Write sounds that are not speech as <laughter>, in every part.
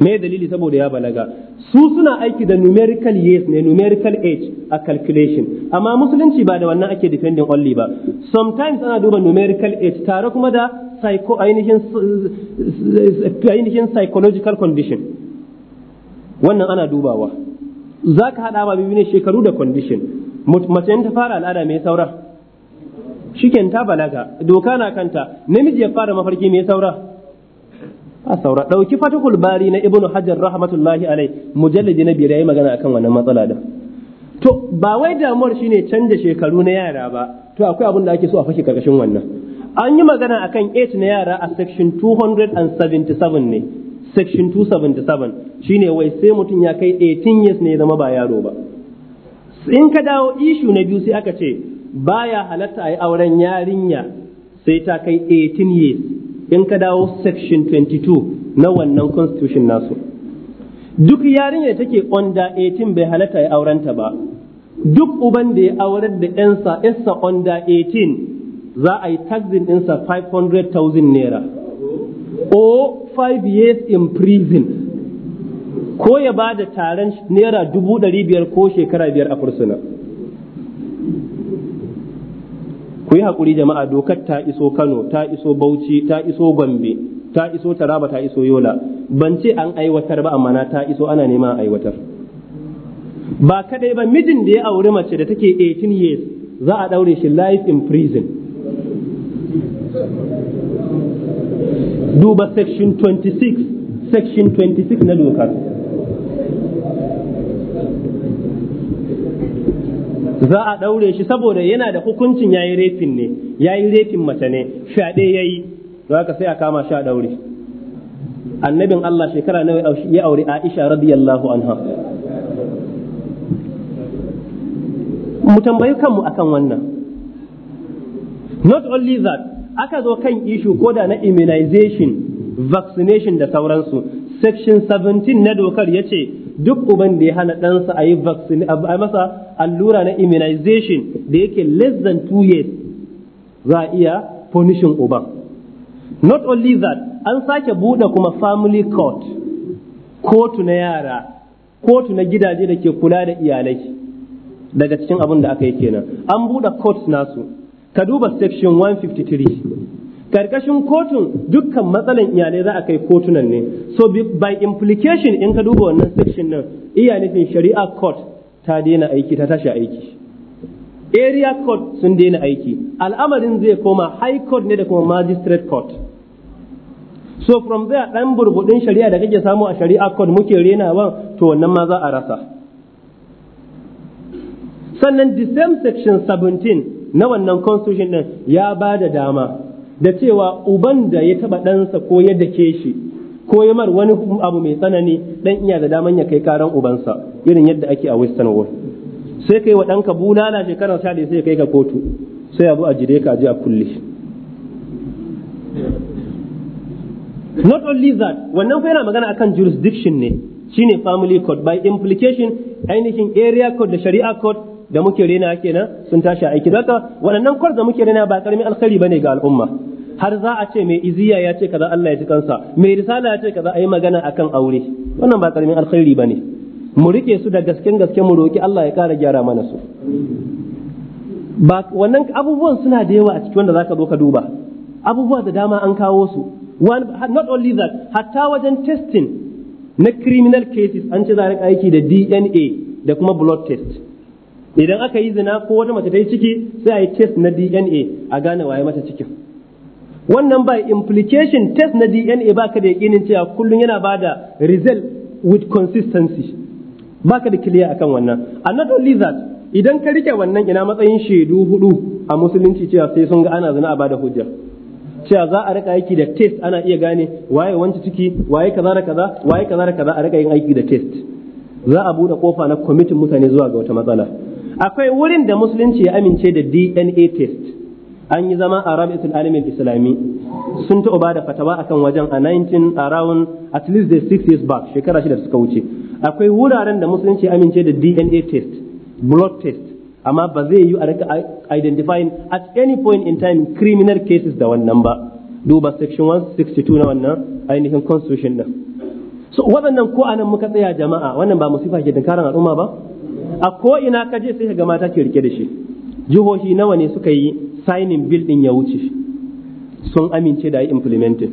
me dalili saboda ya balaga su suna aiki da numerical years ne numerical age a calculation amma musulunci ba da wannan ake depending only ba sometimes ana duba numerical age tare kuma da psycho ainihin psychological condition wannan ana dubawa za ka haɗa ba bibi ne shekaru da condition mace ta fara al'ada mai saura shiken ta balaga doka na kanta namiji ya fara mafarki mai saura a saura dauki fatakul bari na ibnu hajar rahmatullahi alai mujallidi na biyar yayi magana akan wannan matsala da to ba wai damuwar shine canja shekaru na yara ba to akwai abin da ake so a fashe karkashin wannan an yi magana akan age na yara a section 277 ne section 277 shine wai sai mutum ya kai 18 years ne ya zama ba yaro ba in ka dawo ishu na biyu sai aka ce baya halatta a yi auren yarinya sai ta kai 18 years in ka dawo section 22 na wannan constitution nasu duk yarinya take under 18 bai halatta ya aurenta ba duk uban da ya aurar da yansa isa under 18 za a yi taxin ɗinsa 500,000 naira or 5 years in prison ko ya ba da taron naira 500,000 ko shekara biyar a fursuna. ku yi haƙuri jama'a dokar ta iso kano ta iso bauchi ta iso gombe ta iso taraba ta iso yola ban ce an aiwatar ba amma na ta iso ana neman aiwatar ba kadai ba mijin da ya auri mace da take 18 years za a daure shi life in prison duba section 26 section 26 na dokar za a ɗaure shi saboda yana da hukuncin yayi refin ne yayi refin mace ne fyaɗe yayi za ka sai a kama shi a ɗaure annabin Allah shekara nawa ya aure Aisha radiyallahu anha mu tambayi kanmu akan wannan not only that aka zo kan ishu ko da na immunization vaccination da sauransu section 17 na dokar ya ce duk uban da ya hana ɗansa a yi vaccine a masa allura na immunization da yake less than 2 years za iya punishing uban not only that an sake buɗe kuma family court kotu na yara kotu na gidaje da ke kula da iyalai daga cikin abin da aka yi kenan an buɗe court nasu ka duba section 153 karkashin kotun dukkan matsalan iyalai za a kai kotunan ne so by implication in ka duba wannan section nan iya nufin shari'a court ta daina aiki ta tashi aiki area court sun daina aiki al'amarin zai koma high court ne da kuma magistrate court so from there dan burbudin shari'a da kake samu a shari'a court muke renawa to wannan ma za a rasa sannan the same section 17 na wannan constitution din ya ba da dama da cewa uban da ya taba ɗansa ko ya ke shi ko ya mar wani abu mai tsanani dan iya da daman ya kai karan ubansa irin yadda ake a western world sai kai wa ɗanka bulala shekarar sha sai kai ka kotu sai abu a jire ka je a kulle not only that wannan fa yana magana akan jurisdiction ne shine family code by implication ainihin area code da shari'a code da muke rena kenan sun tashi aiki daga waɗannan kwar da muke rena ba karamin alkhairi bane ga al'umma har za a ce mai iziya ya ce kaza Allah ya ji kansa mai risala ya ce kaza a yi magana akan aure wannan ba karamin alkhairi bane mu rike su da gasken gaske mu roki Allah ya kara gyara mana su ba wannan abubuwan suna da yawa a cikin wanda zaka zo ka duba abubuwa da dama an kawo su not only that hatta wajen testing na criminal cases an ce za a aiki da DNA da kuma blood test idan aka yi zina ko wata mace ta yi ciki sai a yi test na DNA a gane waye mata cikin wannan by implication test na DNA ba ka da yakinin cewa kullum yana ba da result with consistency Ba ka da clear akan wannan and not only that idan ka rike wannan ina matsayin shaidu hudu a musulunci cewa sai sun ga ana zina a bada hujja cewa za a rika aiki da test ana iya gane waye wancan ciki waye kaza da kaza waye kaza da kaza a rika yin aiki da test za a buɗe kofa na kwamitin mutane zuwa ga wata matsala akwai wurin da musulunci ya amince da DNA test an yi zama a Rabi'atul Alimin Islami sun taɓa ba da fatawa akan wajen a 19 around at least the six years back shekara shida suka wuce akwai wuraren da musulunci ya amince da DNA test blood test amma ba zai yi a rika identifying at any point in time criminal cases da wannan ba duba section 162 na wannan ainihin constitution din so waɗannan ko anan muka tsaya jama'a wannan ba musifa ke dinkaran al'umma ba a ko ina ka je sai ka ga mata ke rike da shi jihohi nawa ne suka yi signing bill din ya wuce sun amince da yi implementing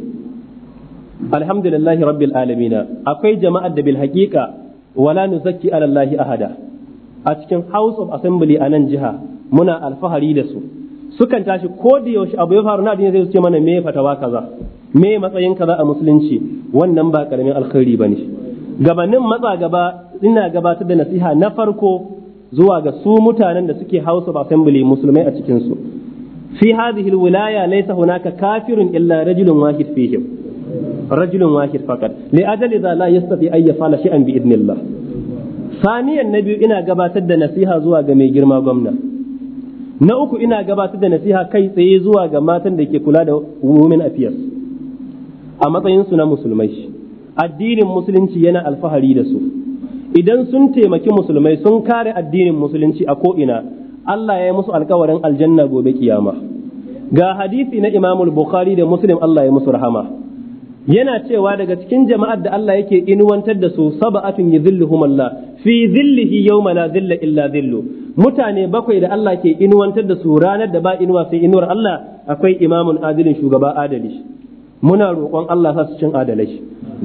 alhamdulillahi rabbil alamina akwai jama'ar da bil haqiqa wala nuzakki ala allah ahada a cikin house of assembly a nan jiha muna alfahari da su sukan tashi ko da yaushe abu ya faru na addini zai su ce mana me fatawa kaza me matsayin kaza a musulunci wannan ba karamin alkhairi bane gabanin matsa gaba ina gabatar da nasiha na farko zuwa ga su mutanen da suke House of Assembly musulmai a cikin su fi hadhihi alwilaya laysa hunaka kafirun illa rajulun wahid fihim rajulun wahid faqat li ajali za la yastati ay yafala shay'an bi idnillah saniyan na biyu ina gabatar da nasiha zuwa ga mai girma gwamna na uku ina gabatar da nasiha kai tsaye zuwa ga matan da ke kula da women affairs a matsayinsu na musulmai addinin musulunci yana alfahari da su idan sun taimaki musulmai sun kare addinin musulunci a ko'ina Allah ya yi musu alkawarin aljanna gobe kiyama ga hadisi na imamul bukhari da muslim Allah ya musu rahama yana cewa daga cikin jama'ar da Allah yake inuwantar da su saba'atun yadhilluhum Allah fi dhillihi yawma la dhilla illa zillu. mutane bakwai da Allah ke inuwantar da su ranar da ba inuwa sai inuwar Allah akwai imamun adilin shugaba adali muna roƙon Allah sa su cin adalci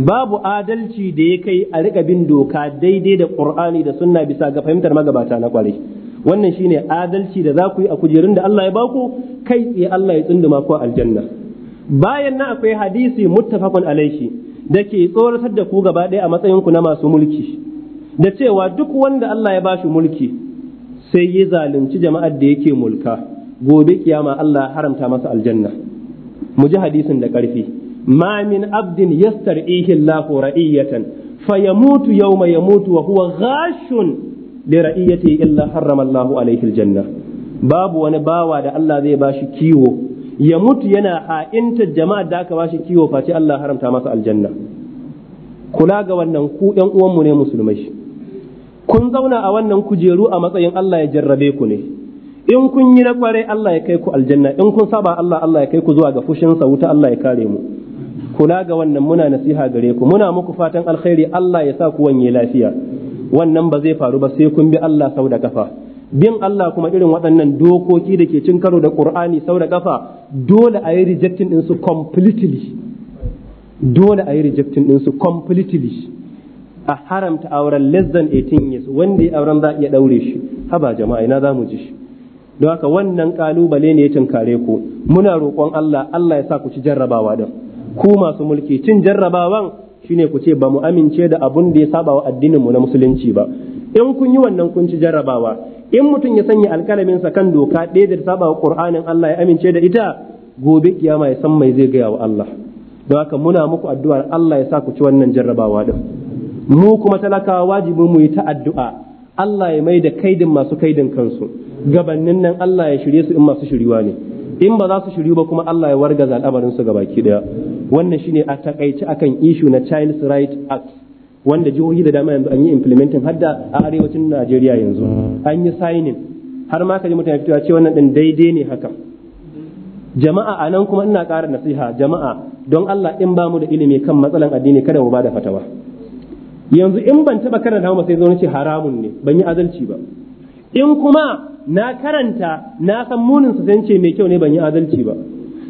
babu adalci da ya kai a riƙa bin doka daidai da Qur'ani da sunna bisa ga fahimtar magabata na kwarai wannan shine adalci da za ku yi a kujerun da Allah ya baku kai tsaye Allah ya tsunduma ku aljanna bayan nan akwai hadisi muttafaqun alaihi da ke tsoratar da ku gaba ɗaya a matsayin na masu mulki da cewa duk wanda Allah ya bashi mulki sai ya zalunci jama'ar da yake mulka gobe kiyama Allah haramta masa aljanna mu ji hadisin da ƙarfi ma min abdin yastar'ihi Allah ra'iyatan fayamutu yawma yamutu wa huwa ghashun li ra'iyatihi illa harrama Allah alayhi aljanna babu wani bawa da Allah zai bashi kiwo ya mutu yana ha'inta jama'a da aka bashi kiwo face Allah haramta masa aljanna kula ga wannan ku ɗan uwanmu ne musulmai kun zauna a wannan kujeru a matsayin Allah ya jarrabe ku ne in kun yi na kwarai Allah ya kai ku aljanna in kun saba Allah Allah ya kai ku zuwa ga fushinsa wuta Allah ya kare mu kula ga wannan muna nasiha gare ku muna muku fatan alkhairi Allah ya sa ku wanye lafiya wannan ba zai faru ba sai kun bi Allah sau da kafa bin Allah kuma irin waɗannan dokoki da ke cin karo da Qur'ani sau da kafa dole a yi rejectin din su completely dole a yi rejectin din su completely a haramta auren less than 18 years wanda ya auren za a iya daure shi haba jama'a ina za mu ji shi don haka wannan kalubale ne ya tunkare ku muna roƙon Allah Allah ya sa ku ci jarrabawa din ku masu mulki cin jarrabawan shine ku ce ba mu amince da abun da ya saba wa addinin mu na musulunci ba in kun yi wannan kun ci jarrabawa in mutum ya sanya alkalamin sa kan doka ɗaya da saba wa Qur'anin Allah ya amince da ita gobe kiyama ya san mai zai gaya wa Allah don haka muna muku addu'ar Allah ya sa ku ci wannan jarrabawa din mu kuma talakawa wajibin mu yi ta addu'a Allah ya mai da kaidin masu kaidin kansu gabannin nan Allah ya shirye su in masu shiriwa ne in ba za su shiryu ba kuma Allah ya wargaza al'amarin su gabaki daya wannan shine a takaice akan ishu na Child's Right Act wanda jihohi da dama yanzu an yi implementing hadda a arewacin Najeriya yanzu an yi signing har ma ka ji mutane fitowa ce wannan din daidai ne haka jama'a a nan kuma ina ƙara nasiha jama'a don Allah in ba mu da ilimi kan matsalan addini kada mu ba da fatawa yanzu in ban taba karanta ba sai zaune ce haramun ne ban yi adalci ba in kuma na karanta na san munin su sai ce mai kyau ne ban yi adalci ba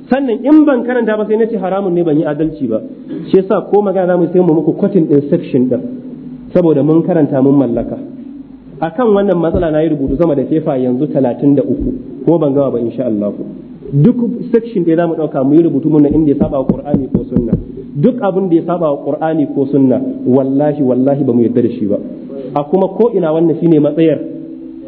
sannan in ban karanta ba sai na ce haramun ne ban yi adalci ba shi yasa ko magana zamu sai mu muku kwatin inception din saboda mun karanta mun mallaka akan wannan matsala na yi rubutu sama da fefa yanzu 33 ko ban gama ba insha Allah duk section da zamu dauka mu yi rubutu mun inda ya saba wa Qur'ani ko sunna duk abin da ya saba wa Qur'ani ko sunna wallahi wallahi ba mu yarda da shi ba a kuma ko ina wannan shine matsayar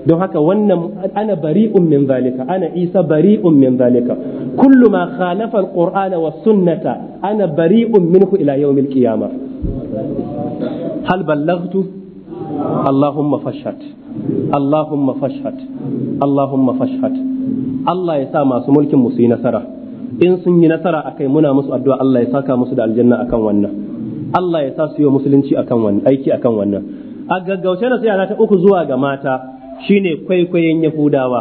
don haka wannan ana bari'un min zalika ana isa bari'un min zalika kullu ma khalafa alqur'ana was sunnata ana bari'un minhu ila yawmil qiyamah hal ballaghtu Allahumma fashhad Allahumma fashhad Allahumma fashhad Allah ya sa masu mulkin mu su yi nasara in sun yi nasara akai muna musu addu'a Allah ya saka musu da aljanna akan wannan Allah ya sa su yi musulunci akan wannan aiki akan wannan a gaggauce na sai ta uku zuwa ga mata shine kwaikwayon Yahudawa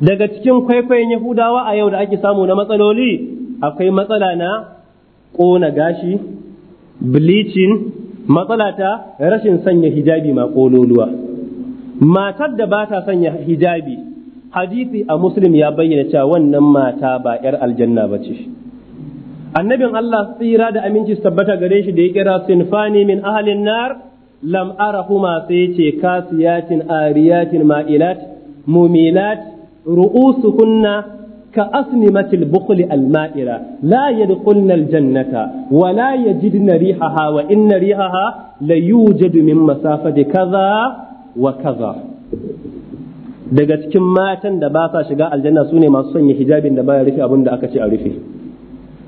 daga cikin kwaikwayon Yahudawa a yau da ake samu na matsaloli akwai matsala na ƙona gashi bleaching matsala ta rashin sanya hijabi ma kololuwa matar da ba ta sanya hijabi hadisi a muslim ya bayyana cewa wannan mata ba 'yar aljanna ba ce annabin Allah tsira da aminci tabbata gare shi da ya kira sinfani min ahalin nar lam arahuma sai ce kasiyatin ariyatin ma'ilat mumilat ru'usukunna كأصنمة البخل المائرة لا يدخلن الجنة ولا يجدن ريحها وإن ريحها ليوجد من kaza كذا وكذا daga cikin matan da ba sa shiga aljanna sune masu sanya hijabin da baya rufe abin aka ce a rufe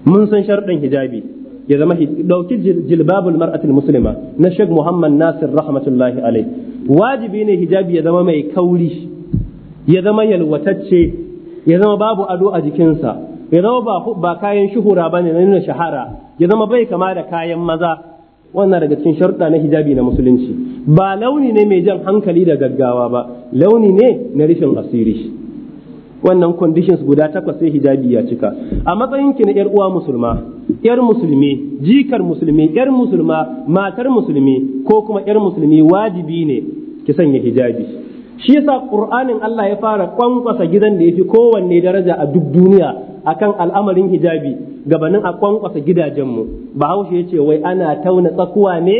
mun san sharɗin hijabi ya zama ɗauki jilbabul mar'atul muslima na shek Muhammad Nasir rahmatullahi alai wajibi ne hijabi ya zama mai kauri ya zama yalwatacce ya zama babu ado a jikinsa ya zama ba kayan shuhura bane na nuna shahara ya zama bai kama da kayan maza wannan daga cikin sharuɗa na hijabi na musulunci ba launi ne mai jan hankali da gaggawa ba launi ne na rishin asiri wannan conditions guda takwas sai hijabi ya cika a matsayin ki na yar uwa musulma yar musulmi jikar musulmi yar musulma matar musulmi ko kuma yar musulmi wajibi ne ki sanya hijabi shi yasa qur'anin Allah ya fara kwankwasa gidan da yafi kowanne daraja a duk duniya akan al'amarin hijabi gabanin a kwankwasa gidajenmu bahaushe ya ce wai ana tauna tsakuwa ne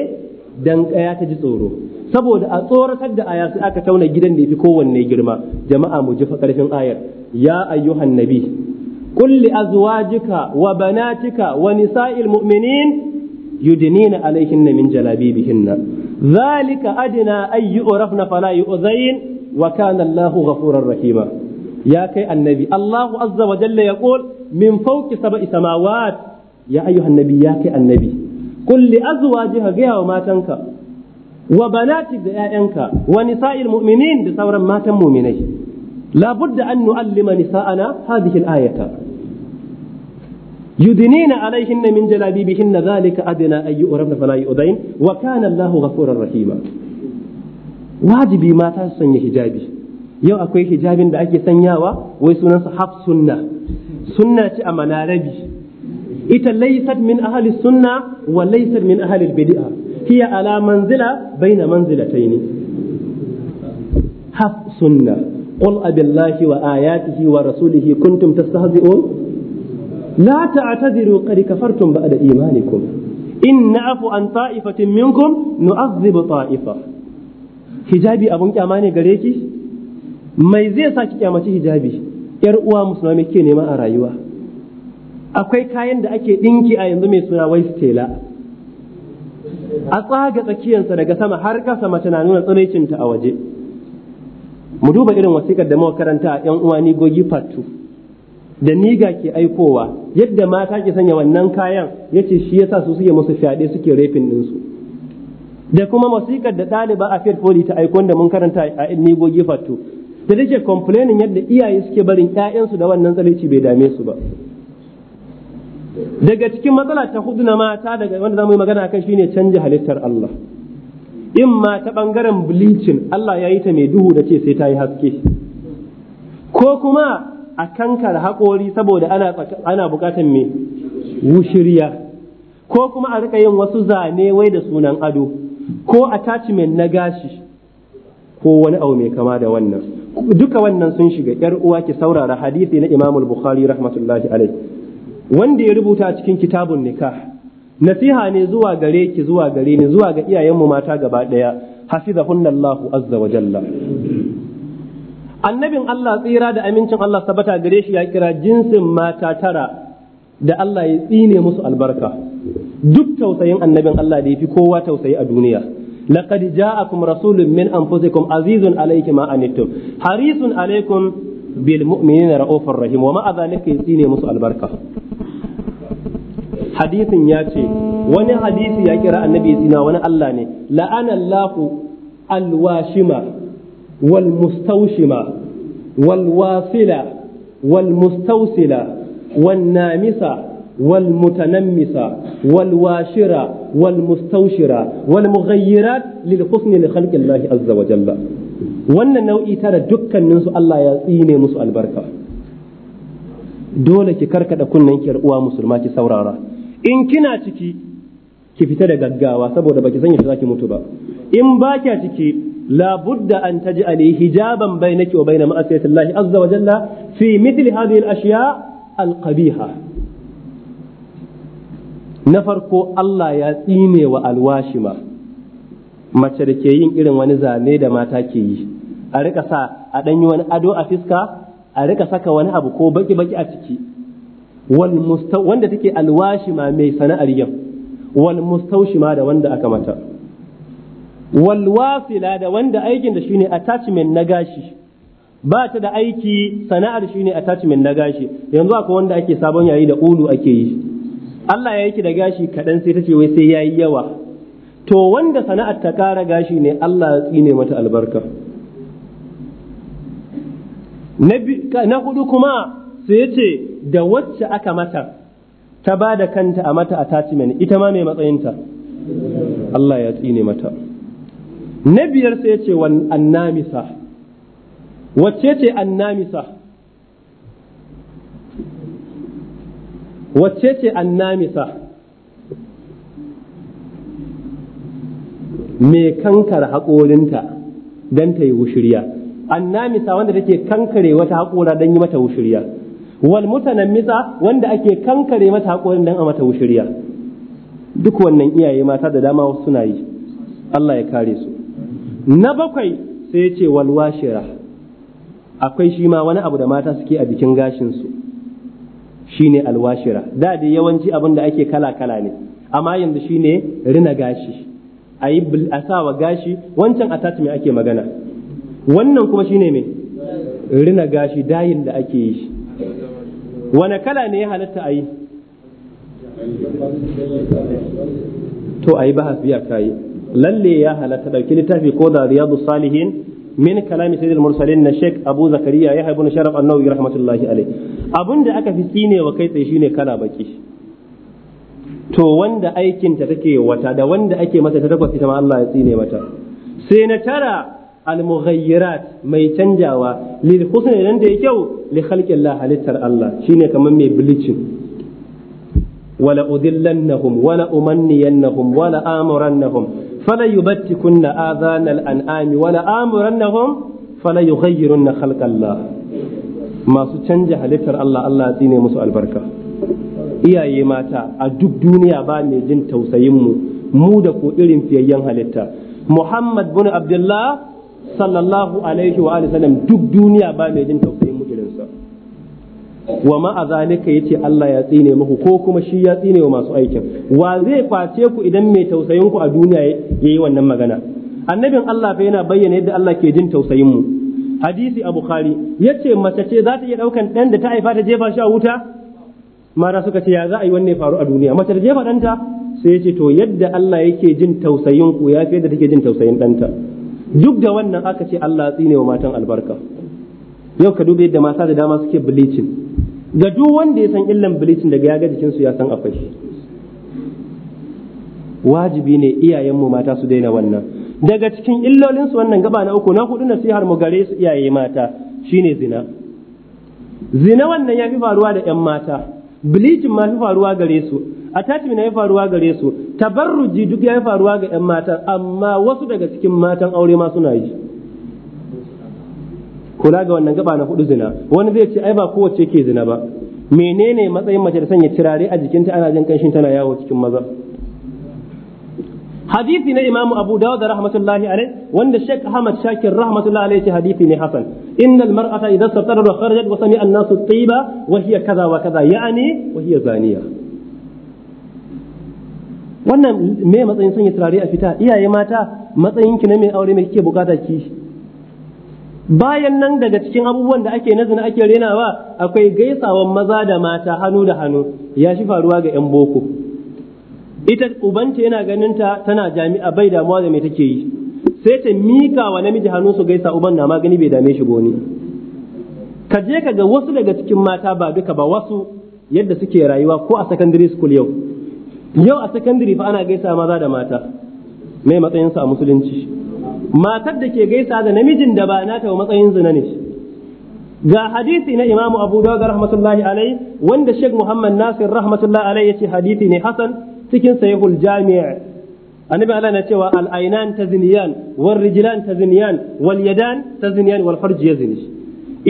dan kaya ta ji tsoro saboda a tsoratar da aya sai aka tauna gidan da yafi kowanne girma jama'a mu ji fa karfin ayar ya ayyuhan nabi wa banatika wa nisa'il muminin yudnina alaihinna min jalabibihinna zalika adna ay yu'rafna fala yu'zain wa kana Allahu ghafurar rahima ya kai annabi Allahu azza wa jalla yaqul min fawqi sab'i samawat ya ayyuhan nabi ya kai annabi qul li azwajika ga matanka wa banatik da 'ya'yanka wa nisa'il mu'minin da sauran matan mu'minai labudda an nu'allima nisa'ana hadhihi al-ayata yudinina alaihinna min jalabibihinna zalika adna ay yu'rafna fala yu'dain wa kana Allahu ghafurur rahima wajibi mata su sanya hijabi yau akwai hijabin da ake sanyawa wai sunansa hafsunna. sunna sunna a manarabi ita laysat min ahli sunna wa laysat min ahli bid'a hiya ala manzila baina manzilataini haf sunna qul abillahi wa ayatihi wa rasulihi kuntum tastahzi'un la ta'tadiru qad kafartum ba'da imanikum in afu an ta'ifatin minkum nu'azzib ta'ifa hijabi abun kyama ne gare ki mai zai sa ki kyamaci hijabi yar uwa musulma me ke nema a rayuwa akwai kayan da ake dinki a yanzu mai suna waist tela a tsaga tsakiyarsa daga sama har kasa mace na nuna tsiraicinta a waje mu duba irin wasikar da muka karanta a yan uwani ni gogi fatu da niga ke aikowa yadda mata ke sanya wannan kayan ya ce shi yasa su suke musu fyaɗe suke rafin ɗinsu da kuma masikar da ɗaliba a fair Foli ta aikon da mun karanta a nigogi fattu da take complaining yadda iyaye suke barin ƴaƴansu da wannan tsalici bai dame su ba daga cikin matsala ta hudu na mata daga wanda zamu yi magana kan shine canja halittar Allah in ma ta bangaren bleaching Allah ya yi ta mai duhu da ce sai ta yi haske ko kuma a kankar haƙori saboda ana buƙatar mai wushirya ko kuma a rika yin wasu zane wai da sunan ado ko attachment na gashi ko wani abu mai kama da wannan duka wannan sun shiga yar uwa ki saurara hadisi na imamul bukhari rahmatullahi alaihi wanda ya rubuta cikin kitabun nikah nasiha ne zuwa gare ki zuwa gare ni zuwa ga iyayenmu mata gaba daya hasibahunallahu azza wa jalla annabin Allah tsira da amincin Allah sabata gare shi ya kira jinsin mata tara da Allah ya tsine musu albarka duk tausayin annabin Allah da ya fi kowa tausayi a duniya laqad ja'akum rasulun min anfusikum azizun alaykum ma anittum harisun alaykum bil mu'minina ra'ufur rahim wa ma adhalika tsine musu albarka hadisin ya ce wani hadisi ya kira annabi tsina wani Allah ne la'ana Allahu alwashima والمستوشمة والواصلة والمستوصلة والنامسة والمتنمسة والواشرة والمستوشرة والمغيرات للحسن لخلق الله عز وجل wannan nau'i ta da dukkaninsu Allah ya tsine musu albarka dole ki karkaɗa kunnen ki uwa musulma ki saurara in kina ciki ki fita da gaggawa saboda baki san ya yadda zaki mutu ba in ba kya ciki an لا بد أن تجعلي حجابا بينك وبين معصية الله عز وجل في مثل هذه الأشياء القبيحة نفرق الله يأتيني والواشمة mace da ke yin irin wani zane da mata ke yi a rika sa a ɗanyi wani ado a fiska a rika saka wani abu ko baki-baki a ciki wanda take alwashi ma mai sana'ar yau wal mustaushi ma da wanda aka mata walwasila da wanda aikin da shine attachment na gashi ba ta da aiki sana'ar shine attachment na gashi yanzu akwai wanda ake sabon yayi da ulu ake yi Allah ya yake da gashi kaɗan sai ta ce wai sai yayi yawa to wanda sana'ar ta ƙara gashi ne Allah ya tsine mata albarka na hudu kuma sai ce da wacce aka mata ta bada kanta a mata attachment ita ma mai matsayinta Allah ya tsine mata na biyar sai ce wa annamisa wacce ce annamisa wacce ce annamisa mai kankar haƙorinta don ta yi wushiriya? annamisa wanda take kankare wata haƙora don yi mata wushirya wal mutanammisa wanda ake kankare mata haƙorin don a mata wushiriya? duk wannan iyaye mata da dama suna yi Allah ya kare su na bakwai sai ya ce walwashira akwai shi ma wani abu da mata suke a jikin gashinsu shine alwashira da dai yawanci abin da ake kala kala ne amma yanzu shine rina gashi a yi wa gashi wancan attachment ake magana wannan kuma shine me rina gashi dayin da ake yi wane kala ne ya halatta a yi to a yi ba biya ta yi lalle ya halatta dauki littafi ko da riyadu salihin min kalami al mursalin na Sheik abu zakariya ya haibu sharaf annawi rahmatullahi alaihi da aka fi tsinewa kai tsaye shine kana baki to wanda aikinta take wata da wanda ake mata ta takwas ita ma Allah ya tsine mata sai na tara al-mughayyirat mai canjawa lil husn idan da ya kyau li khalqillah halittar Allah shine kaman mai bleaching wala udillannahum wala umanniyannahum wala amurannahum fala yubattikunna adhanal an'ami wa la amurannahum fala yughayyirunna khalqallah masu canja halittar Allah Allah ya tsine musu albarka iyaye mata a duk duniya ba jin tausayin mu mu da ku irin fiyayyen halitta Muhammad bin Abdullah sallallahu alaihi wa duk duniya ba jin tausayi wa ma'a zalika yace Allah ya tsine muku ko kuma shi ya tsine wa masu aikin wa zai kwace ku idan mai tausayin ku a duniya yayi wannan magana annabin Allah fa yana bayyana yadda Allah ke jin tausayin mu hadisi a bukhari yace mace ce za ta iya daukan dan da ta haifa ta jefa shi a wuta mara suka ce ya za a yi wannan faru a duniya mace ta jefa danta sai yace to yadda Allah yake jin tausayin ku ya fi yadda take jin tausayin danta duk da wannan aka ce Allah ya tsine wa matan albarka yau ka dube yadda mata da dama suke bleaching ga duk wanda ya san illan bilicin daga ya ga jikinsu ya san akwai shi wajibi ne iyayenmu mata su daina wannan daga cikin illolinsu wannan gaba na uku na hudu nasihar mu gare su iyaye mata shine zina zina wannan ya fi faruwa da 'yan mata bilicin ma fi faruwa gare su attachment ya faruwa gare su tabarruji duk ya faruwa ga 'yan mata amma wasu daga cikin matan aure ma suna yi kula ga wannan gaba na hudu zina wani zai ce ai ba kowace ke zina ba menene matsayin mace da sanya cirare a jikinta ana jin kanshin tana yawo cikin maza hadisi na imamu abu dawud rahmatullahi alaihi wanda sheikh ahmad shakir rahmatullahi alaihi ce hadisi ne hasan innal mar'ata idan satara wa kharajat wa sami an-nasu wa hiya kaza wa kaza ya'ni wa hiya zaniya wannan me matsayin sanya turare a fita iyaye mata matsayin ki na mai aure me kike bukata ki bayan nan daga cikin abubuwan da ake nazina ake renawa akwai gaisawan maza da mata hannu da hannu ya shi faruwa ga 'yan boko ita ubanta yana ganin ta tana jami'a bai damuwa da mai take yi sai ta mika wa namiji hannu su gaisa uban na magani bai dame shi goni ka je ka ga wasu daga cikin mata ba duka ba wasu yadda suke rayuwa ko a secondary school yau yau a secondary fa ana gaisa maza da mata mai matsayinsa a musulunci matar da ke gaisa da namijin da ba nata matsayin zina ne ga hadisi na imamu abu dawud rahmatullahi alai wanda sheikh muhammad nasir rahmatullahi alai yace hadisi ne hasan cikin sahihul jami' annabi Allah na cewa al ainan tazniyan wal rijlan tazniyan wal yadan tazniyan wal farj yazni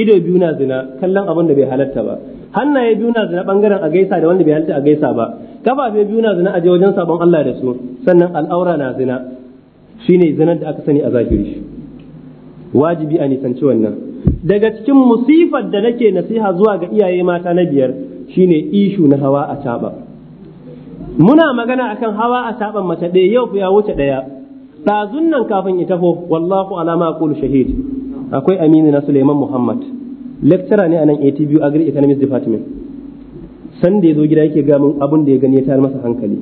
ido biyu na zina kallon abin da bai halarta ba hannaye biyu na zina bangaren a gaisa da wanda bai halatta a gaisa ba kafafe biyu na zina a je wajen sabon Allah da su sannan al'aura na zina shine zinar da aka sani a zahiri wajibi a nisanci wannan daga cikin musifar da nake nasiha zuwa ga iyaye mata na biyar shine ishu na hawa a taba muna magana akan hawa a taban mace ɗaya yau ya wuce ɗaya ɗazun nan kafin ita ho wallahu alama a kulu shahid akwai aminu na suleiman muhammad lecturer ne a nan atbu agri economics department sanda ya zo gida yake gamin abin da ya gani ya tayar masa hankali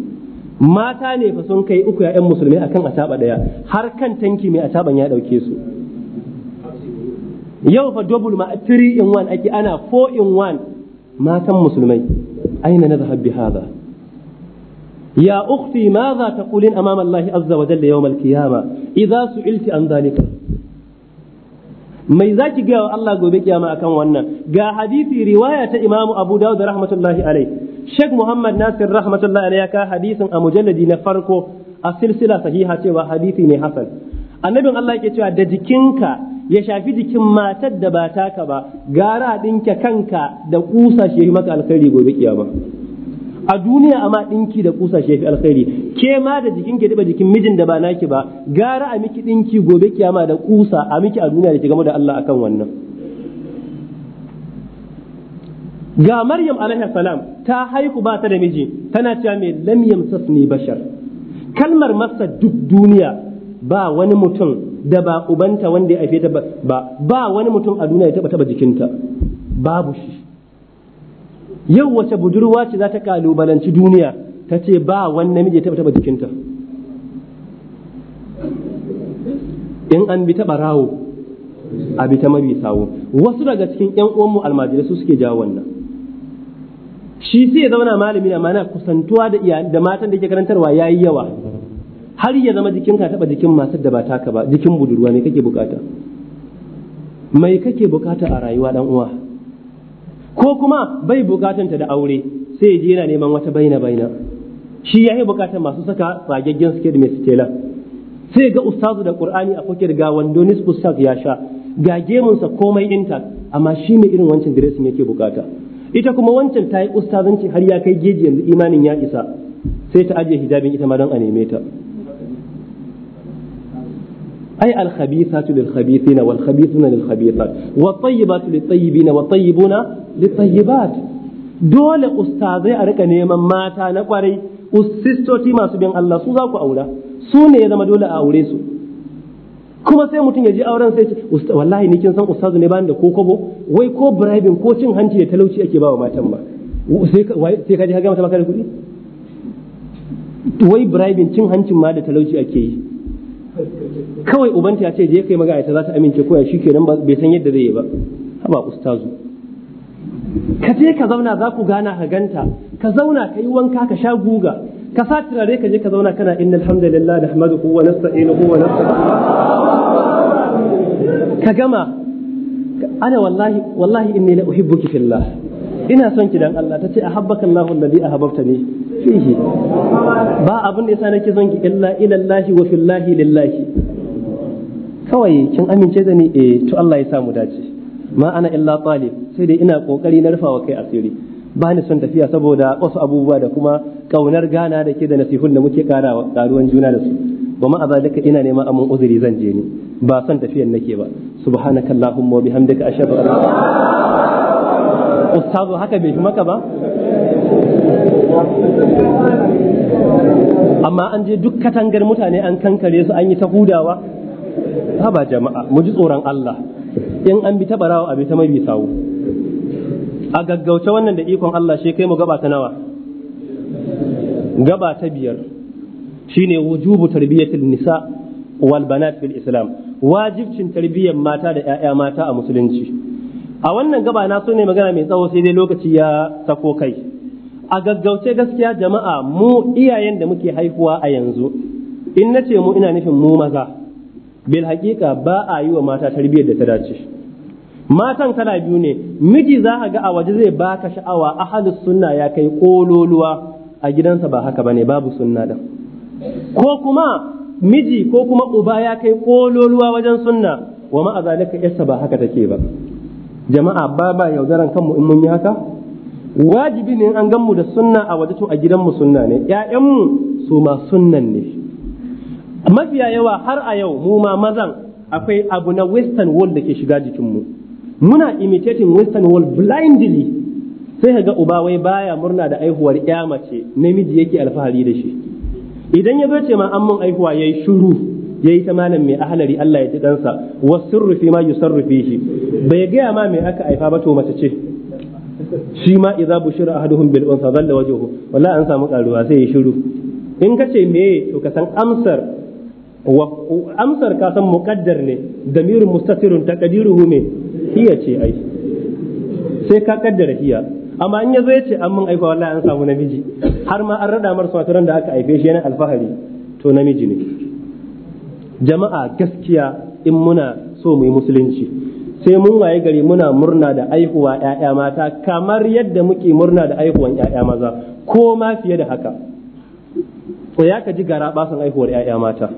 mata ne fa sun kai uku ya'yan musulmi akan ataba ɗaya, har kan tanki mai ataban ya ɗauke su yau fa dubul ma 3 in 1 ake ana 4 in 1 matan musulmai aina na bi hadha ya ukhti madha taqulin amama Allah azza wa jalla yawm al-qiyama idza su'ilti an dhalika mai zaki wa Allah gobe kiyama akan wannan ga hadisi riwaya ta Imam Abu Dawud rahmatullahi alayhi Sheikh Muhammad Nasir rahmatullahi alayhi ka hadisin a mujalladi na farko a silsila sahiha cewa hadisi ne hasan annabin Allah yake cewa da jikinka ya shafi jikin matar da ba ka ba gara dinke kanka da kusa shi maka alkhairi gobe kiyama a duniya amma dinki da kusa shi alkhairi ke ma da jikin ke jikin mijin da ba naki ba gara a miki dinki gobe kiyama da kusa a miki a duniya da ki game da Allah akan wannan ga Maryam alaihi salam ta haihu ba ta da miji tana cewa mai lamiyam yamsasni bashar kalmar masa duk duniya ba wani mutum da ba ubanta wanda ya haife ta ba ba wani mutum a duniya ya taba taba jikinta babu shi yau wace budurwa ce za ta kalubalanci duniya ta ce ba wani namiji ya taba taba jikinta in an bi taba rawo a bi ta mabi sawo wasu daga cikin 'yan uwanmu almajirai su suke jawo wannan shi sai ya zauna malami na mana kusantuwa da matan da ke karantarwa ya yi yawa har ya zama jikinka taba jikin masu da ba taka ba jikin budurwa ne kake bukata mai kake bukata a rayuwa dan uwa ko kuma bai bukatanta da aure sai ya je yana neman wata baina baina shi ya yi bukatar masu saka tsagaggen skirt mai sitela sai ga ustazu da qur'ani a fakir ga wando nisfu ya sha ga gemunsa komai intact amma shi mai irin wancan dressing yake bukata ita kuma wancan ta yi ustazanci har ya kai geji yanzu imanin ya isa sai ta ajiye hijabin ita ma don a neme ta ai alkhabithatu lilkhabithina walkhabithuna lilkhabithat wa tayyibatu litayyibina wa tayyibuna litayyibat dole ustazai a rika neman mata na kwarai sistoti masu bin Allah su za ku aura su ne ya zama dole a aure su kuma sai mutum ya je auren sai ce wallahi ni kin san ustazu ne bani da ko kobo wai ko bribing ko cin hanci da talauci ake ba wa matan ba sai ka je ka ga mata baka da kuɗi wai bribing cin hancin ma da talauci ake yi kawai ubanta ya ce je kai magana ta za ta amince ko ya shi kenan bai san yadda zai yi ba haba ustazu ka je ka zauna za ku gana ka ganta ka zauna ka yi wanka ka sha guga ka sa turare ka je ka zauna kana innal hamdalillah nahmaduhu wa nasta'inuhu wa nastaghfiruh ka gama ana wallahi wallahi inni la uhibbuki fillah ina son ki dan Allah tace ahabbaka Allahu alladhi ni, fihi ba abun da yasa nake son ki illa ilallahi wa fillahi lillahi kawai kin amince da ni eh to Allah ya sa mu dace ma ana illa talib sai dai ina kokari na rufawa kai asiri ba ni son tafiya saboda wasu abubuwa da kuma kaunar gana da ke da nasihun da muke karawa karuwan juna da su ba ma duka ina neman amin uzuri zan je ni ba son tafiyan nake ba subhanaka allahumma wa bihamdika ashhadu an la ustazu haka bai maka ba amma an je duk katangar mutane an kankare su an yi ta hudawa ha ba jama'a mu ji tsoron Allah in an bi ta barawa bi ta mai bi sawu a gaggauce wannan da ikon Allah shi kai mu gaba ta nawa gaba ta biyar shine wujubu tarbiyatul nisa wal banat fil islam wajibcin tarbiyyar mata da ƴaƴa mata a musulunci a wannan gaba na so ne magana mai tsawo sai dai lokaci ya sako kai a gaggauce gaskiya jama'a mu iyayen da muke haihuwa a yanzu in nace mu ina nufin mu maza bil haƙiƙa ba a yi wa mata tarbiyyar da ta dace matan kala biyu ne miji za ka ga a waje zai baka sha'awa ahalus sunna ya kai kololuwa a gidansa ba haka bane babu sunna da ko kuma miji ko kuma uba ya kai kololuwa wajen sunna wa ma azalika yasa ba haka take ba jama'a ba ba yaudaran kanmu in mun yi haka wajibi ne an ganmu da sunna a waje to a gidanmu sunna ne ƴaƴanmu su ma sunnan ne mafiya yawa har a yau mu ma mazan akwai abu na western Wall da ke shiga jikinmu muna imitating western world blindly sai ga uba wai baya murna da aihuwar ya mace namiji yake alfahari da shi idan ya zo ce ma an mun aihuwa yayi shiru yayi ta malam mai ahlari Allah ya ji dansa fi ma yusarrufi shi bai gaya ma mai aka aifa ba to mace ce shi ma idza bushira ahaduhum bil unsa dalla wajhuhu wallahi an samu karuwa sai yayi shiru in ka ce me to ka san amsar amsar ka san muqaddar ne damirun mustatirun taqdiruhu me hiya ce ai sai ka kaddara hiya amma in yazo yace an mun aika wallahi an samu namiji har ma an rada mar suwaturan da aka aife shi yana alfahari to namiji ne jama'a gaskiya in muna so mu yi musulunci sai mun waye gari muna murna da aihuwa ƴaƴa mata kamar yadda muke murna da aihuwan ƴaƴa maza ko ma fiye da haka to ya ka ji gara basan aihuwar ƴaƴa mata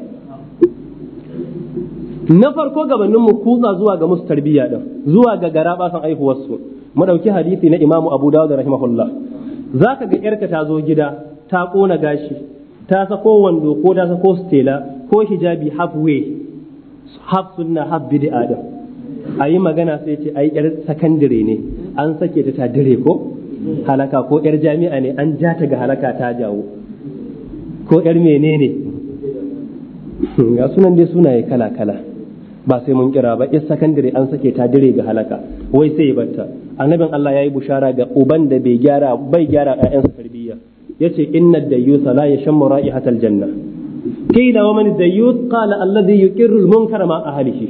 na farko gabanin mu kutsa zuwa ga musu tarbiyya din zuwa ga gara san aihuwar su mu dauki hadisi na Imam Abu Dawud rahimahullah zaka ga yarka ta zo gida ta kona gashi ta sako wando ko ta sako stela ko hijabi halfway half sunna half bid'a din ayi magana sai ce ai yar sakandire ne an sake ta ta dire ko halaka ko yar jami'a ne an ja ta ga halaka ta jawo ko yar menene ga sunan dai sunaye kala kala ba sai mun kira ba ya sakandare an sake ta dire ga halaka wai sai batta annabin Allah yayi bushara ga uban da bai gyara bai gyara sa tarbiyya yace inna dayyusa la yashmu ra'ihatal janna kila wa man dayyus qala alladhi yuqirru al-munkara ma ahlihi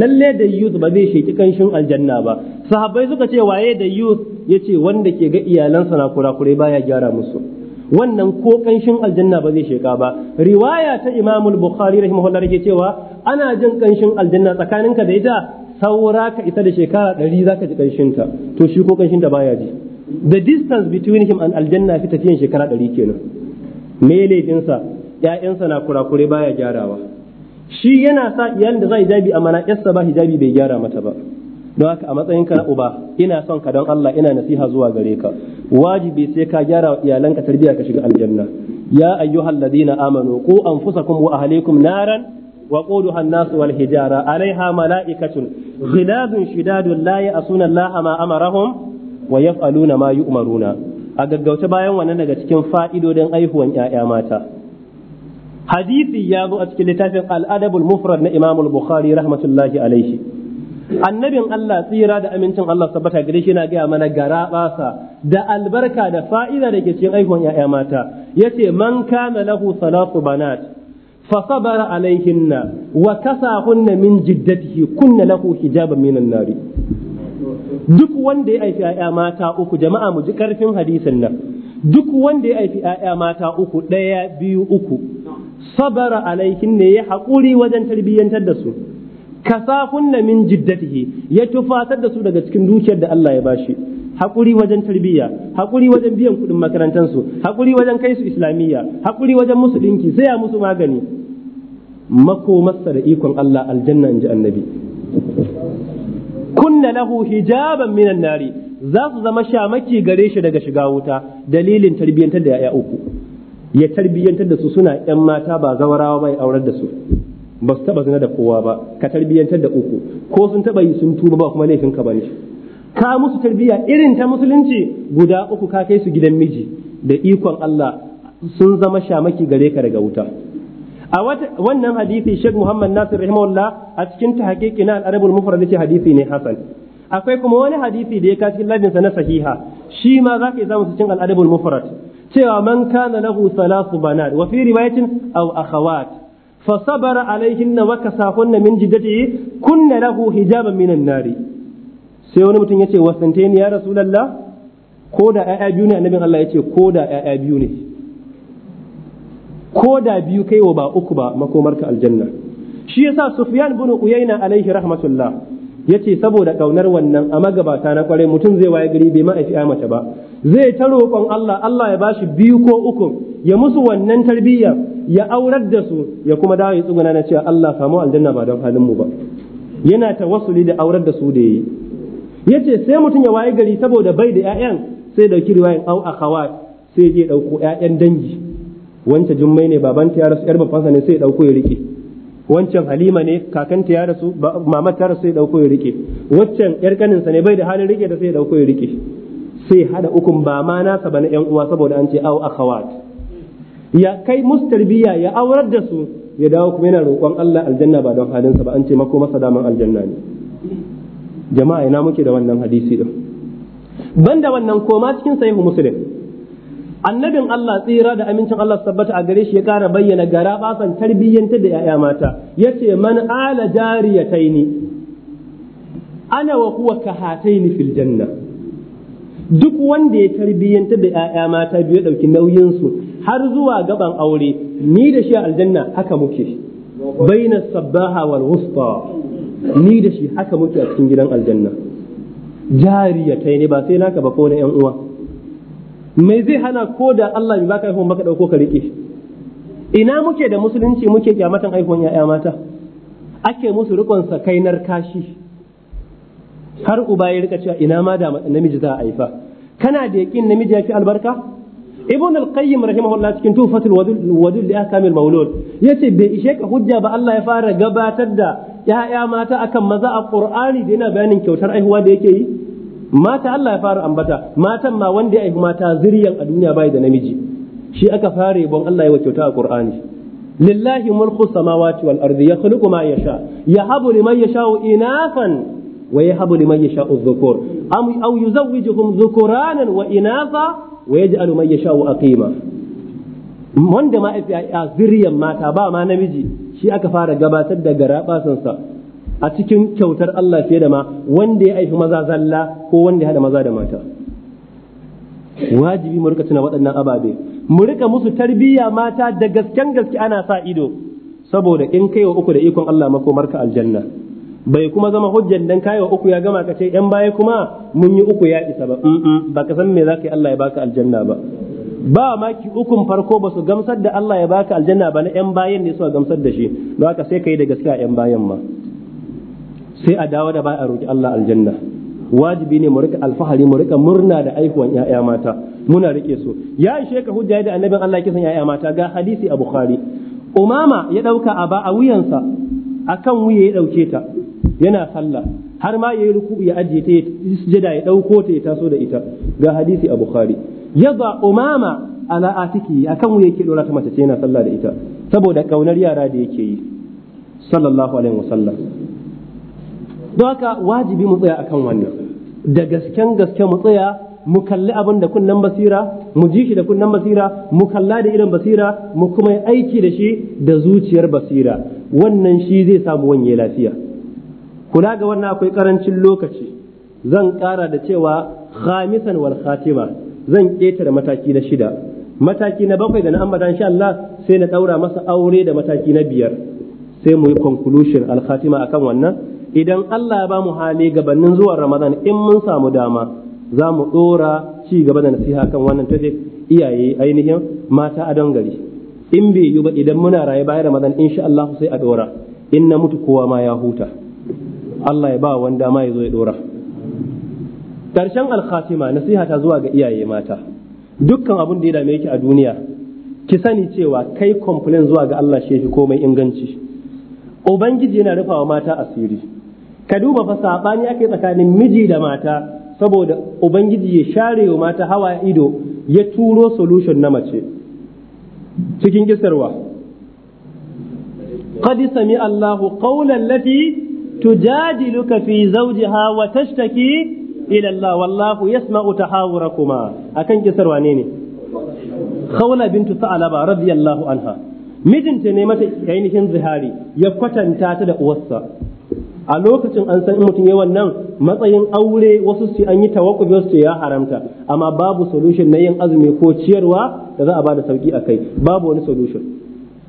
lalle dayyus ba zai sheki kanshin aljanna ba sahabbai suka ce waye dayyus yace wanda ke ga iyalansa na kurakurai baya gyara musu wannan ko kanshin aljanna ba zai sheka ba riwaya ta Imam al-Bukhari rahimahullah yake cewa ana jin kanshin aljanna tsakaninka da ita saura ka ita da shekara ɗari zaka ji kanshin ta to shi ko kanshin ta baya ji the distance between him and aljanna fi tafiyan shekara ɗari kenan me ya'yansa ƴaƴansa na kurakure baya gyarawa shi yana sa iyalin da zai jabi amana na ba hijabi bai gyara mata ba don haka a matsayinka na uba ina son ka don Allah ina nasiha zuwa gare ka wajibi sai ka gyara wa iyalanka tarbiyya ka shiga aljanna ya ayyuhal ladina amanu qu anfusakum wa ahlikum naran wa quduha an-nas wal hijara alaiha malaikatun ghiladun shidadun la ya'suna Allah ma amarahum wa yaf'aluna ma yu'maruna a gaggauta bayan wannan daga cikin fa'idodin aihuwan 'ya'ya mata hadisi ya zo a cikin littafin al-adabul mufrad na Imamul bukhari rahmatullahi alaihi annabin Allah tsira da amincin Allah sabbata gare shi yana gaya mana gara da albarka da fa'ida da ke cikin aikon ‘ya'ya mata yace man kana lahu salatu banat fa sabara alaihinna wa kasahunna min jiddatihi kunna lahu hijaban minan nari duk wanda ya aifi ‘ya'ya mata uku jama'a mu ji karfin hadisin nan duk wanda ya haifi ‘ya'ya mata uku ɗaya biyu uku sabara alaihin ne ya haƙuri wajen tarbiyyantar da su kasahunna min jiddatihi ya tufatar da su daga cikin dukiyar da Allah ya bashi hakuri wajen tarbiyya hakuri wajen biyan kuɗin su, hakuri wajen kai su islamiyya hakuri wajen musu dinki sai ya musu magani makomarsa da ikon Allah aljanna in ji annabi kunna lahu hijaban minan nari za su zama shamaki gare shi daga shiga wuta dalilin tarbiyyantar da ya'ya uku ya tarbiyyantar da su suna yan mata ba zawarawa bai aurar da su ba su taba zina da kowa ba ka tarbiyyantar da uku ko sun taba yi sun tuba ba kuma laifin ka bane ka musu tarbiyya irin ta musulunci guda uku ka kai su gidan miji da ikon Allah sun zama shamaki gare ka daga wuta a wannan hadisi Sheikh Muhammad Nasir rahimahullah a cikin tahqiqi na al-Arabul Mufrad yace hadisi ne hasan akwai kuma wani hadisi da ya ka cikin sa na sahiha shi ma za ka yi zamu cikin al-Arabul Mufrad cewa man kana lahu salasu banat wa fi riwayatin aw akhawat فصبر عليهن وكساهن من جدته كن له حجابا من النار sai wani mutum ya ce wasante ni ya rasulallah ko da ƴaƴa biyu ne annabin Allah ya ce ko da ƴaƴa biyu ne ko da biyu kai wa ba uku ba makomarka aljanna shi yasa sufyan bin uyayna alaihi rahmatullah yace saboda kaunar wannan a magabata na kware mutum zai waye gari bai ma aifi mace ba zai ta roƙon Allah Allah ya bashi biyu ko uku ya musu wannan tarbiyya ya aurar da su ya kuma dawo ya tsuguna na cewa Allah samu aljanna ba don halin mu ba yana tawassuli da aurar da su da yayi yace sai mutum ya waye gari saboda bai da ƴaƴan sai dauki riwayan au akhawat sai je dauko ƴaƴan dangi wanda jummai ne babanta ya rasu yar babansa ne sai dauko ya rike wancan halima ne kakanta ya rasu mama ta rasu sai ya dauko ya rike waccan yar kaninsa ne bai da halin rike da sai ya dauko ya rike sai hada ukun ba ma nasa ba na yan uwa saboda an ce au akhawat ya kai musu tarbiyya ya aurar da su ya dawo kuma yana roƙon Allah aljanna ba don halinsa ba an ce mako masa daman aljanna ne jama'a ina muke da wannan hadisi din banda wannan koma cikin sahihu muslim annabin Allah tsira da amincin Allah tabbata a gare shi ya kara bayyana gara basan tarbiyyanta da 'ya'ya mata yace man ala jariyataini ana wa huwa kahataini fil janna duk wanda ya tarbiyyanta da 'ya'ya mata biyu ya ɗauki nauyinsu. har zuwa gaban aure ni da shi aljanna haka muke baina sabbaha wal wusta ni da shi haka muke a cikin gidan aljanna jariya kai ne ba sai naka ba ko na yan uwa me zai hana ko da Allah bai baka iphone baka dauko ka rike ina muke da musulunci muke kyamatan iphone ya'ya mata ake musu rikon sa kainar kashi har uba ya rika cewa ina ma da namiji za a haifa kana da yakin namiji ya fi albarka ibn al-qayyim rahimahullah cikin tufatul wadul li ahkamil maulud yace bai ishe ka hujja ba Allah ya fara gabatar da ya'ya mata akan maza a qur'ani da yana bayanin kyautar aihuwa da yake yi mata Allah ya fara ambata matan ma wanda ya aihu mata zuriyan a duniya bai da namiji shi aka fara yabon Allah ya wa kyauta a qur'ani lillahi mulku samawati wal ardi yakhluqu ma yasha yahabu liman yasha'u inafan ويهب لمن يشاء الذكور أم أو يزوجهم ذكرانا وإناثا ويجعل من يشاء أقيما من da ma'aifiya zuriyan mata ba ma namiji shi aka fara gabatar da garabasansa a cikin kyautar Allah fiye da ma wanda ya haifi maza zalla ko wanda ya hada maza da mata wajibi mu rika tuna waɗannan ababe mu rika musu tarbiyya mata da gasken gaske ana sa ido saboda in kai wa uku da ikon Allah makomarka aljanna bai kuma zama hujjan dan wa uku ya gama ka ce yan baya kuma mun yi uku ya isa ba ba ka san me za ka yi Allah ya baka aljanna ba ba maki ukun farko ba su gamsar da Allah ya baka aljanna ba na yan bayan ne suka gamsar da shi don haka sai ka yi da gaskiya yan bayan ma sai a dawo da baya a roki Allah aljanna wajibi ne mu rika alfahari mu rika murna da aihuwan ƴaƴa mata muna rike su ya ishe ka hujja da annabin Allah ke son ƴaƴa mata ga hadisi a Bukhari Umama ya dauka a ba a wuyansa akan wuya ya dauke ta yana sallah har ma yayi ruku ya ajiye ta sujada ya dauko ta ya taso da ita ga hadisi a bukhari yadha umama ala atiki akan wuya yake dora ta mace ce yana sallah da ita saboda kaunar yara da yake yi sallallahu alaihi wasallam don haka wajibi mu tsaya akan wannan da gasken gaske mu tsaya mu kalli abin da kunnan basira mu ji shi da kunnan basira mu kalla da irin basira mu kuma aiki da shi da zuciyar basira wannan shi zai samu wanye lafiya kula ga wannan akwai karancin lokaci zan kara da cewa khamisan wal khatima zan ƙetare mataki na shida mataki na bakwai da na ambata insha Allah sai na daura masa aure da mataki na biyar sai mu yi conclusion al khatima akan wannan idan Allah ya ba mu hali gabanin zuwan Ramadan in mun samu dama za mu ɗora ci gaba da nasiha kan wannan tafi iyaye ainihin mata a don gari in bai yi ba idan muna raye bayan Ramadan insha Allah sai a ɗora in na mutu kowa ma ya huta Allah ya ba wanda ma ya zo ya dora ƙarshen alkhatima nasiha ta zuwa ga iyaye mata dukkan abin da ya dame ki a duniya ki sani cewa kai complain zuwa ga Allah shi komai inganci ubangiji yana rufawa mata asiri ka duba fa sabani ake tsakanin miji da mata saboda ubangiji ya share wa mata hawa ido ya turo solution na mace cikin kisarwa qad sami Allahu qawlan lati tujadiluka fi zawjiha wa tashtaki ila Allah wallahu yasma'u tahawurakuma akan kisar wane ne khawla bintu sa'alaba radiyallahu anha mijinta ne mata ainihin zihari ya kwatanta ta da uwarsa a lokacin an san in mutum yawan nan matsayin aure wasu su an yi tawakkufi wasu su ya haramta amma babu solution na yin azumi ko ciyarwa da za a bada sauki a kai babu wani solution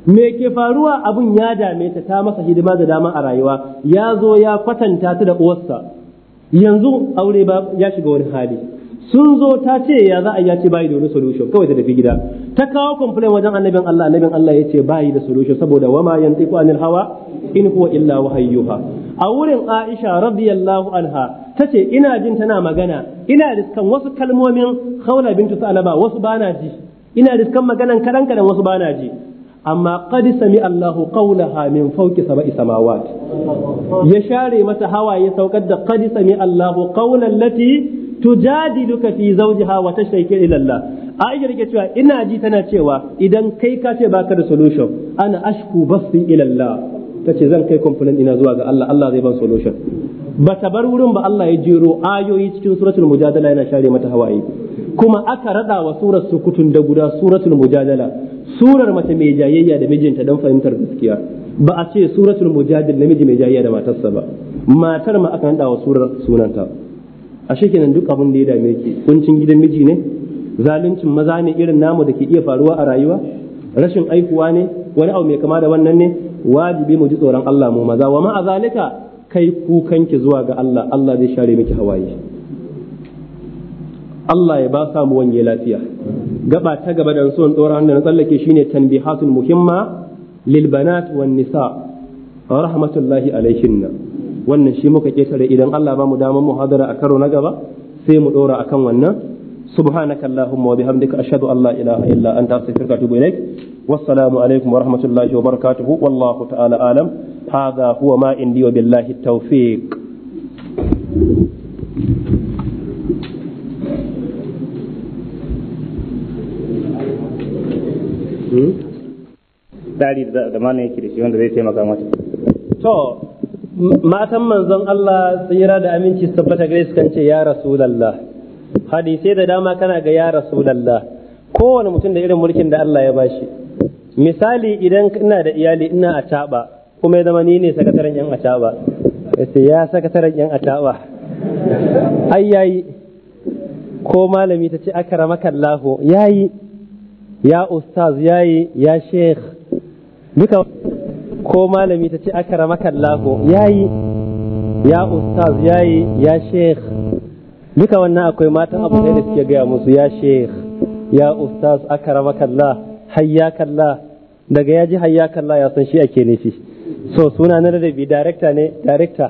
me ke faruwa abin ya dame ta ta masa hidima da dama a rayuwa ya zo ya kwatanta ta da uwarsa yanzu aure ba ya shiga wani hali sun zo ta ce ya za a ya ce bayi da wani solution kawai ta tafi gida ta kawo complain wajen annabin Allah annabin Allah ya ce bayi da solution saboda wama yantiku anil hawa in huwa illa wahayyuha a wurin Aisha radiyallahu anha tace ina jin tana magana ina riskan wasu kalmomin Khawla bintu Salaba wasu bana ji ina riskan maganan kadan kadan wasu bana ji amma qad sami Allahu qawlaha min fawqi sab'i samawat ya share mata hawaye saukar da qad sami Allahu qawlan lati tujadiluka fi zawjiha wa tashtaki ila Allah Aisha take cewa ina ji tana cewa idan kai ka ce baka da solution ana ashku basti ila Allah ce zan kai complaint ina zuwa ga Allah Allah zai ban solution ba ta bar wurin ba Allah ya jero ayoyi cikin suratul mujadala yana share mata hawaye kuma aka rada wa surar sukutun da guda suratul mujadala surar mace mai jayayya da mijinta dan fahimtar gaskiya ba a ce suratul mujadil namiji mai jayayya da matarsa ba matar ma aka rada wa surar sunanta a shekinan duk abin da ya dame ki kuncin gidan miji ne zaluncin maza ne irin namu da ke iya faruwa a rayuwa rashin aikuwa ne wani abu mai kama da wannan ne wajibi mu ji tsoron Allah mu maza wa ma zalika kai kukanki zuwa ga Allah Allah zai share miki hawaye Allah ya ba sa mu wanye lafiya gaba ta gaba da son tsoron da na tsallake shine tanbihatul muhimma lil banat wan nisa rahmatullahi alaihinna wannan shi muka ketare idan Allah ba mu damar muhadara a karo na gaba sai mu dora akan wannan سبحانك اللهم وبحمدك أشهد أن لا إله إلا أنت أستغفرك وأتوب إليك والسلام عليكم ورحمة الله وبركاته والله تعالى أعلم هذا هو ما عندي وبالله التوفيق tsari da malam yake da shi wanda zai taimaka mata. To, matan manzon Allah tsira da aminci sabbata gare su kan ce ya Rasulallah. hadisai da dama kana ga ya rasulullah kowane mutum da irin mulkin da Allah ya bashi misali idan ina da iyali ina a taba kuma ya zama ni ne sakataren yan a taba yace ya sakataren yan a ai yayi ko malami ta ce akramaka Allah yayi ya ustaz yayi ya sheikh duka ko malami ta ce akramaka Allah yayi ya ustaz yayi ya sheikh duka wannan akwai matan abu da suke gaya musu ya sheikh ya ustaz akarama kalla hayya kalla daga ya ji hayya kalla ya san shi ake nufi so suna na da bi director ne director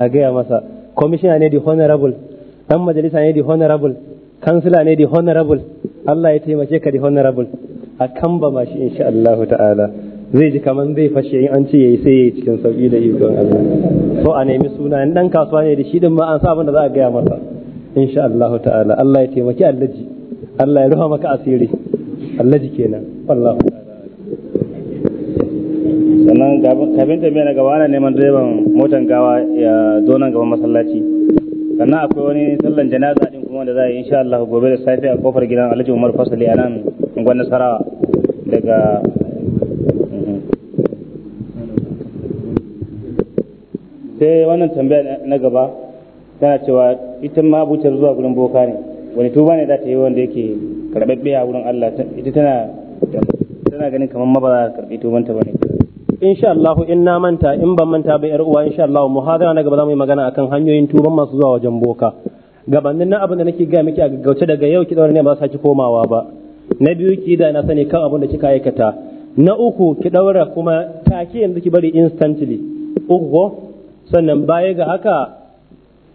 a gaya masa commissioner ne the honorable dan majalisa ne the honorable kansila ne the honorable Allah ya taimake ka the honorable a kan ba ma shi insha Allah ta'ala zai ji kaman zai fashe in an ce yayi sai yayi cikin sauki da ikon Allah so a nemi suna dan kasuwa ne da shi din ma an sa abin da za a gaya masa insha Allah ta'ala Allah ya taimaki allaji Allah ya rufa maka asiri allaji kenan wallahu sannan kafin tafiya na gaba ana neman direban motan gawa ya zo nan gaban masallaci sannan akwai wani sallan janaza din kuma da za a yi insha Allah gobe da safe a kofar gidan Alhaji Umar Fasali a nan unguwar daga sai wannan tambaya na gaba tana cewa ita ma butar zuwa gurin boka ne wani tuba ne za ta yi wanda yake karɓaɓɓe a wurin Allah ita tana tana ganin kamar ma ba za ta karɓi tubanta ba ne insha Allah in na manta in ban manta ba yar uwa insha Allah hadara na gaba za mu yi magana akan hanyoyin tuban masu zuwa wajen boka gabanin na abin da nake gaya miki a gaggauce daga yau ki daura ne ba za ki komawa ba na biyu ki da na sani kan abin da kika aikata na uku ki daura kuma take yanzu ki bari instantly uku sannan baya ga haka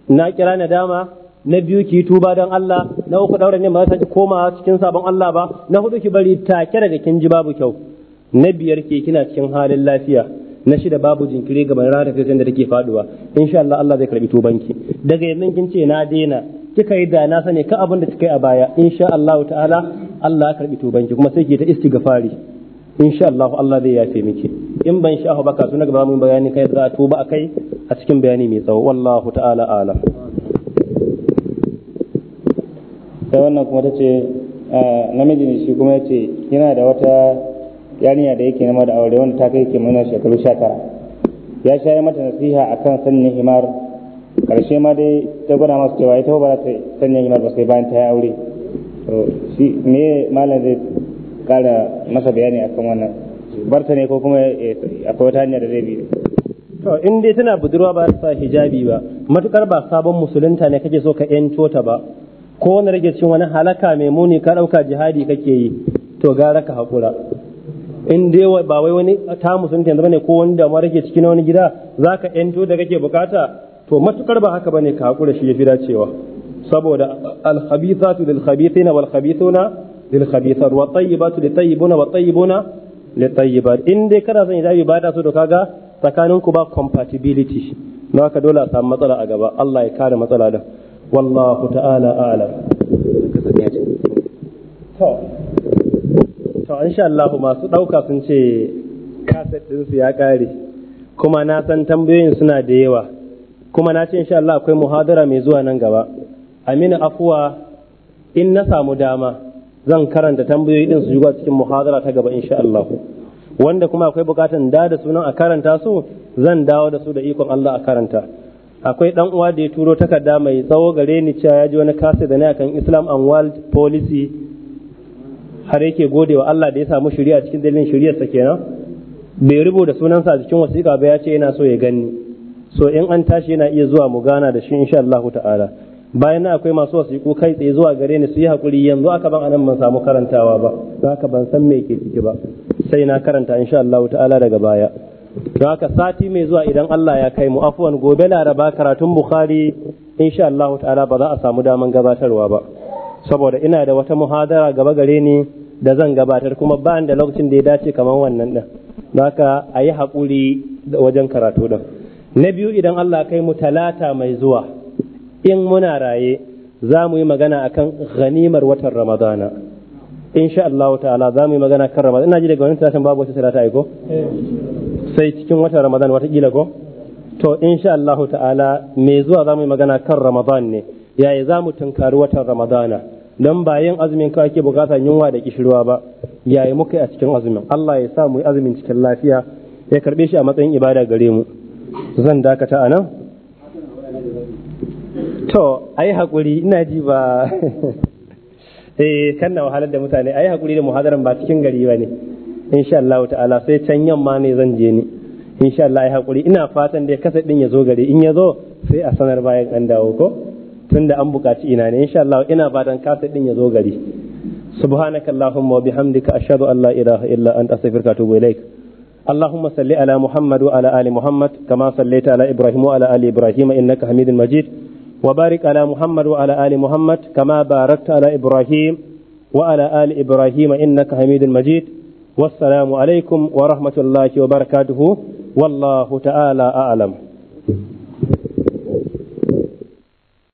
na kira na dama na biyu ki tuba don Allah na uku daura ne ba ta koma cikin sabon Allah ba na hudu ki bari take da kin ji babu kyau na biyar ke kina cikin halin lafiya na shida babu jinkiri ga bayan rana da take faduwa insha Allah Allah zai karbi ki. daga yanzu kin ce na daina kika yi da na sani ka abin da kika yi a baya insha Allah ta'ala Allah ya karbi ki kuma sai ki ta istighfari insha Allah Allah zai yafe miki in ban sha ba ka tuna gaba mun bayani kai za a tuba akai a cikin bayani mai tsawo wallahu ta'ala ala. sai wannan kuma tace ah, namiji ne shi kuma yace yana da wata yarinya da yake nema da aure wanda ta kai kimanin shekaru 19 ya sha mata nasiha akan sanya himar karshe ma dai ta gwada masu cewa ita ba za ta sanya himar ba sai bayan ta yi aure to shi me malam zai kara masa bayani akan wannan barta ne ko kuma eh, akwai wata hanyar da zai bi to in dai tana budurwa ba sa hijabi ba matukar ba sabon musulunta ne kake so ka yanto ta ba ko wani rage cin wani halaka mai muni ka dauka jihadi kake yi to gara ka hakura in dai ba wai wani ta musulunta yanzu bane ko wani damuwa rage cikin wani gida zaka yanto da kake bukata to matukar ba haka bane ka hakura shi ya fi dacewa saboda al-khabithatu lil-khabithina wal-khabithuna lil khabithat wa tayyibatu li tayyibuna wa tayyibuna li tayyibat in dai kana son ya ibada su to kaga tsakanin ku ba compatibility na haka dole a samu matsala a gaba Allah ya kare matsala da wallahu ta'ala a'lam to to insha Allah masu dauka sun ce kaset din su ya kare kuma na san tambayoyin suna da yawa kuma na ce insha Allah akwai muhadara mai zuwa nan gaba amina afuwa in na samu dama zan karanta tambayoyi din su zuwa cikin muhadara ta gaba insha Allah wanda kuma akwai bukatan da da sunan a karanta su zan dawo da su da ikon Allah a karanta akwai dan uwa da ya turo takarda mai tsawo gare ni cewa ya ji wani kasa da ne akan Islam and World Policy har yake gode wa Allah da ya samu shari'a cikin dalilin shari'ar sa kenan bai rubuta sunansa a cikin wasiƙa ba ya ce yana so ya gani so in an tashi yana iya zuwa mu gana da shi insha Allah ta'ala bayan na akwai masu wasiku kai tsaye zuwa gare ni su yi hakuri, yanzu aka ban anan ban samu karantawa ba don haka ban san me ke ciki ba sai na karanta insha Allah ta'ala daga baya don haka sati mai zuwa idan Allah ya kai mu afwan gobe laraba karatun bukhari insha Allah ta'ala ba za a samu daman gabatarwa ba saboda ina da wata muhadara gaba gare ni da zan gabatar kuma ba da lokacin da ya dace kamar wannan din don haka a yi haƙuri wajen karatu din na biyu idan Allah kai mu talata mai zuwa in muna raye za mu yi magana akan ghanimar watan ramadana insha Allah ta'ala za mu yi magana kan ramadana ina ji daga wani tashin babu wata sirata aiko sai cikin watan wata watakila ko to insha Allah ta'ala me zuwa za mu yi magana kan ramadan ne yaya za mu tunkari watan ramadana don bayan azumin kawai ke bukata yunwa da kishirwa ba yayi muka yi a cikin azumin Allah ya sa mu yi azumin cikin lafiya ya karbe shi a matsayin ibada gare mu zan dakata a nan To, a yi haƙuri, ina ji ba, <laughs> eh, kan na wahalar da mutane, a yi haƙuri da muhadaran ba cikin gari ba ne, insha Allah ta'ala sai can yamma ne zan je ni, insha Allah a haƙuri, ina fatan da kasa ɗin ya zo gari, in ya zo sai a sanar bayan an dawo ko, tun da an buƙaci ina ne, insha Allah ina fatan kasa ɗin ya zo gari. Subhanakallahumma wa bihamdika ashhadu an la ilaha illa anta astaghfiruka wa atubu اللهم صل على محمد وعلى ال محمد كما صليت على ابراهيم وعلى ال ابراهيم انك حميد مجيد وبارك على محمد وعلى آل محمد كما باركت على إبراهيم وعلى آل إبراهيم إنك حميد مجيد والسلام عليكم ورحمة الله وبركاته والله تعالى أعلم